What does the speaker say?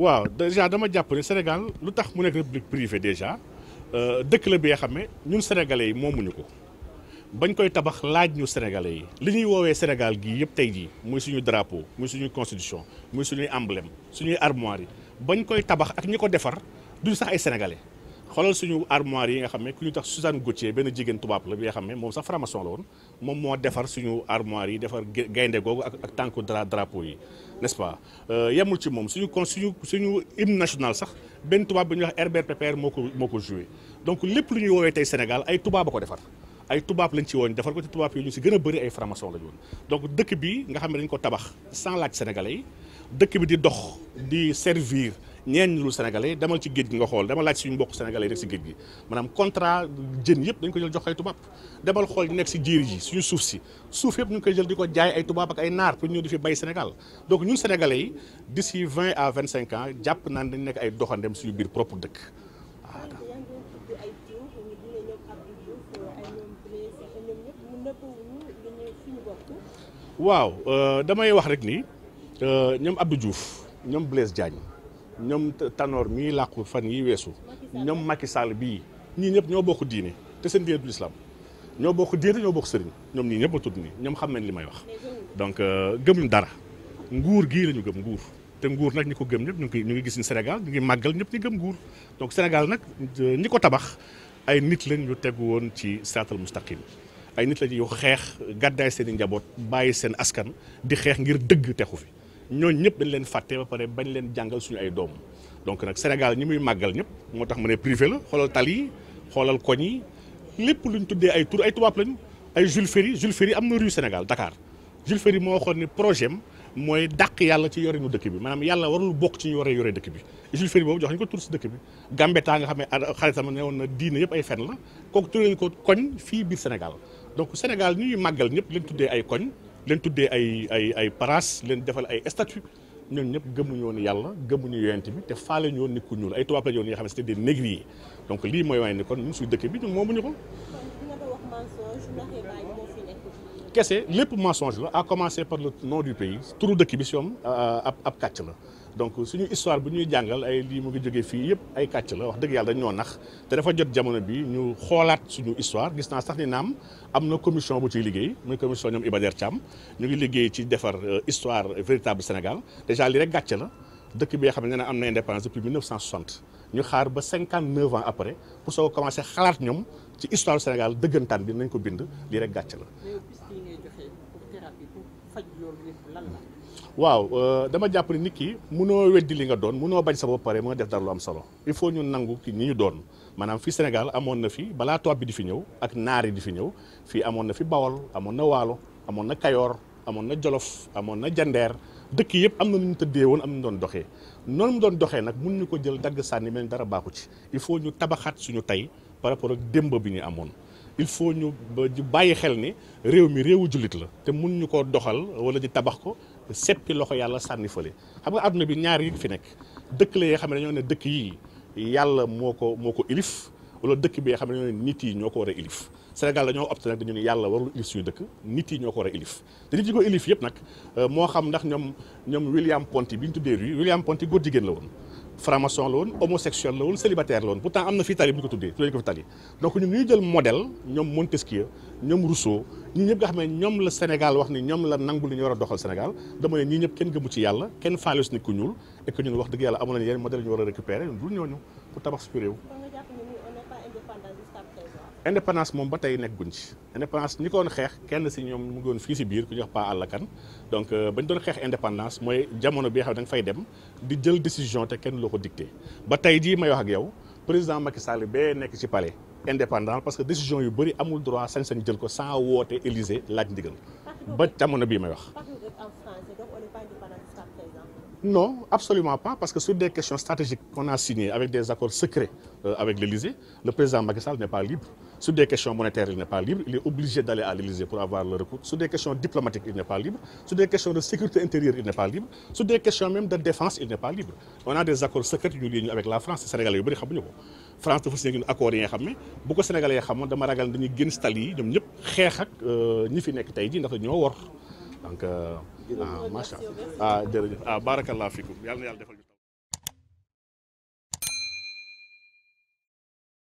waaw déjà dama jàpp ne Sénégal lu tax mu nekk république privée déjà euh, dëkk la bi nga xam ne ñun sénégalais yi moomuñu ko bañ koy tabax laaj ñu sénégalais yi li ñuy woowee Sénégal gii yëpp tey jii muy suñu drapeau muy suñu constitution muy suñuy emblème suñu armoire yi bañ koy tabax ak ñi ko defar duñ sax ay sénégalais. xoolal suñu armoire yi nga xam ne ku ñu tax Suzanne Gauthier benn jigéen tubaab la bi nga xam ne moom sax franc-maçon la woon moom moo defar suñu armoire yi defar gaynde googu ak ak tànku dra drapeau yi n'est-ce euh, yemul ci moom suñu kon suñu suñu hymne national sax benn tubaab bu ñuy wax Herbert Pepper moo ko moo ko joué donc lépp lu ñuy woowee tey Sénégal ay tubaab a ko defar ay tubaab lañ ci woon defar ko ci tubaab yi ñu si gën a bëri ay franc-maçon lañ woon donc dëkk bi nga xam ne dañ ko tabax sans laaj sénégalais dëkk bi di dox di servir ñeen ñu dul sénégalais demal ci géej gi nga xool dama laaj suñu mbokk sénégalais yi nekk si géej gi maanaam contrat jën yëpp dañ ko jël jox ay tubaab demal xool ñu nekk si jiir ji suñu suuf si suuf yëpp ñu ngi koy jël di ko jaay ay tubaab ak ay naar pour ñu di fi bay Sénégal donc ñun sénégalais yi d'ici vingt à vingt cinq ans jàpp naan dañ nekk ay doxandem suñu biir propre dëkk waaw euh, damay wax rek ni euh, ñoom Abdou Diouf ñoom Blaise Diagne ñoom Tanor mii làqu fan yi weesu ñoom Macky Sall bii ñii ñëpp ñoo bokk diine te seen diine du lislaam ñoo bokk diine ñoo bokk sëriñ ñoom ñii ñëpp a tudd nii ñoom xam nañ li may wax donc euh, gëmuñ dara nguur gii lañu gëm nguur te nguur nag ñi ko gëm ñëpp ñu ngi ñu ngi gis ni Sénégal ñu ngi màggal ñëpp ñi gëm nguur donc Sénégal nag euh, ñi ko tabax ay nit lañ ñu tegu woon ci siraatal mustaqim ay nit lañ yu xeex gàddaay seen i njaboot bàyyi seen askan di xeex ngir dëgg texu fi ñooñu ñëpp dañ leen fàtte ba pare bañ leen jàngal suñu ay doom donc nag Sénégal ñi muy màggal ñëpp moo tax ma ne privé la xoolal tal yi xoolal koñ yi lépp luñ tuddee ay tur ay tubaab lañ ay Jules Ferry Jules Ferry am na rue Sénégal Dakar Jules Ferry moo waxoon ni projet mooy dàq yàlla ci yorinu dëkk bi maanaam yàlla warul bokk ci ñu waree yore dëkk bi Jules Ferry boobu jox nañ ko tur si dëkk bi Gambetta nga xam ne xaritam ne woon na diina yëpp ay fen la kooku tuddee ko koñ fii biir Sénégal donc Sénégal ñuy màggal ñëpp leen tuddee ay koñ leen tuddee ay ay ay paras leen defal ay statut ñoom ñëpp gëmuñu woon yàlla gëmuñu yonent bi te faale ñu woon nit ku ñuul ay tubaab la ñu woon yoo xam ne c'était des négriers donc lii mooy waaye ni kon ñun suñu dëkk bi ñun moomuñu ko. kese lépp mensonge la a commencé par le nom du pays turu dëkk bi si moom ab kàcc la donc suñu histoire bu ñuy jàngal ay lii mu ngi jógee fii yëpp ay kàcc la wax dëgg yàlla ñoo nax te dafa jot jamono bi ñu xoolaat suñu histoire gis naa sax ni naam am na commission bu ciy liggéey muy commission ñoom Iba Der Thiam ñu ngi liggéey ci defar euh, histoire véritable Sénégal déjà lii rek gàcce la dëkk bi nga xam ne nee na am na indépendance depuis 1960 ñu xaar ba 59 ans après pour soo commencé xalaat ñoom ci histoire Sénégal dëggantaan bi nañ ko bind lii rek gàcce la waaw euh, dama jàpp ni nit ki mënoo weddi li nga doon mënoo bañ sa bopp pare mën def dara lu am solo il faut ñu nangu ki ñi ñu doon maanaam fii Sénégal amoon na fi balaa tubaab bi di fi ñëw ak naar yi di fi ñëw fii amoon na fi Bawol amoon na Waalo amoon na Kayoor amoon na Jolof amoon na Jandeer dëkk yëpp am na nu ñu tëddee woon am na ñu doon doxee noonu mu doon doxee nag mun ñu ko jël dagg sànni mel dara baaxu ci il faut ñu tabaxaat suñu tey par rapport ak démb bi ñu amoon il faut ñu ba bàyyi xel ni réew mi réewu jullit la te mun ñu ko doxal wala di tabax ko seppi loxo yàlla sànni fële xam nga àdduna bi ñaar yi fi nekk dëkk la yoo xam ne dañoo ne dëkk yi yàlla moo ko moo ko ilif wala dëkk bi nga xam ne ñoo ne nit yi ñoo ko war a ilif senegal dañoo opté nag dañu ne yàlla warul ilif suñu dëkk nit yi ñoo ko war a ilif te nit yi ko ilif yëpp nag euh, moo xam ndax ñoom ñoom William Ponty bi ñu tuddee rue William Ponty góor jigéen la woon franc-maçon la woon homosexuel la woon célibataire la woon pourtant am na fii tali bu ñu ko tuddee tuddee ko fi tali donc ñun ñuy jël modèle ñoom Montesquieu ñoom Rousseau ñi ñëpp nga xam ne ñoom la Sénégal wax ni ñoom la nangul li ñu war a doxal Sénégal dama ne ñii ñëpp kenn gëmu ci yàlla kenn faalus ni ku ñuul et que ñun wax dëgg yàlla amoon nañu yenn modèle ñu war a récupérer ñun ñooñu pour tabax suñu réew indépendance moom ba tey nekk guñ ci indépendance ñi ko xeex kenn si ñoom mu ngi woon fii si biir ku ñuy wax Pa Alla Kane donc euh, bañ doon xeex indépendance mooy jamono bi nga xam ne da fay dem di jël décision te kenn loo ko dicté ba tey jii may wax ak yow président Macky Sall bee nekk ci pale indépendant parce que décision yu bëri amul droit sañ-sañ jël ko sans woote Élysée laaj ndigal ba jamono bii may wax. Non, absolument pas, parce que sur des questions stratégiques qu'on a signées avec des accords secrets euh, avec l'Elysée, le président Macky Sall pas libre. Sur des questions monétaires, il n'est pas libre. Sur des questions diplomatiques, il n'est pas libre. Sur des questions de sécurité intérieure, il n'est pas libre. Sur des questions même de défense, il n'est pas libre. On a des accords secrets avec la France, les Sénégalais, France dafa signé accord xam ne bu ko Sénégalais yi xamoon euh, war donc euh, ah, macha allah ah jërëjëf ah barakallah fikum yàlla na yàlla defal ñu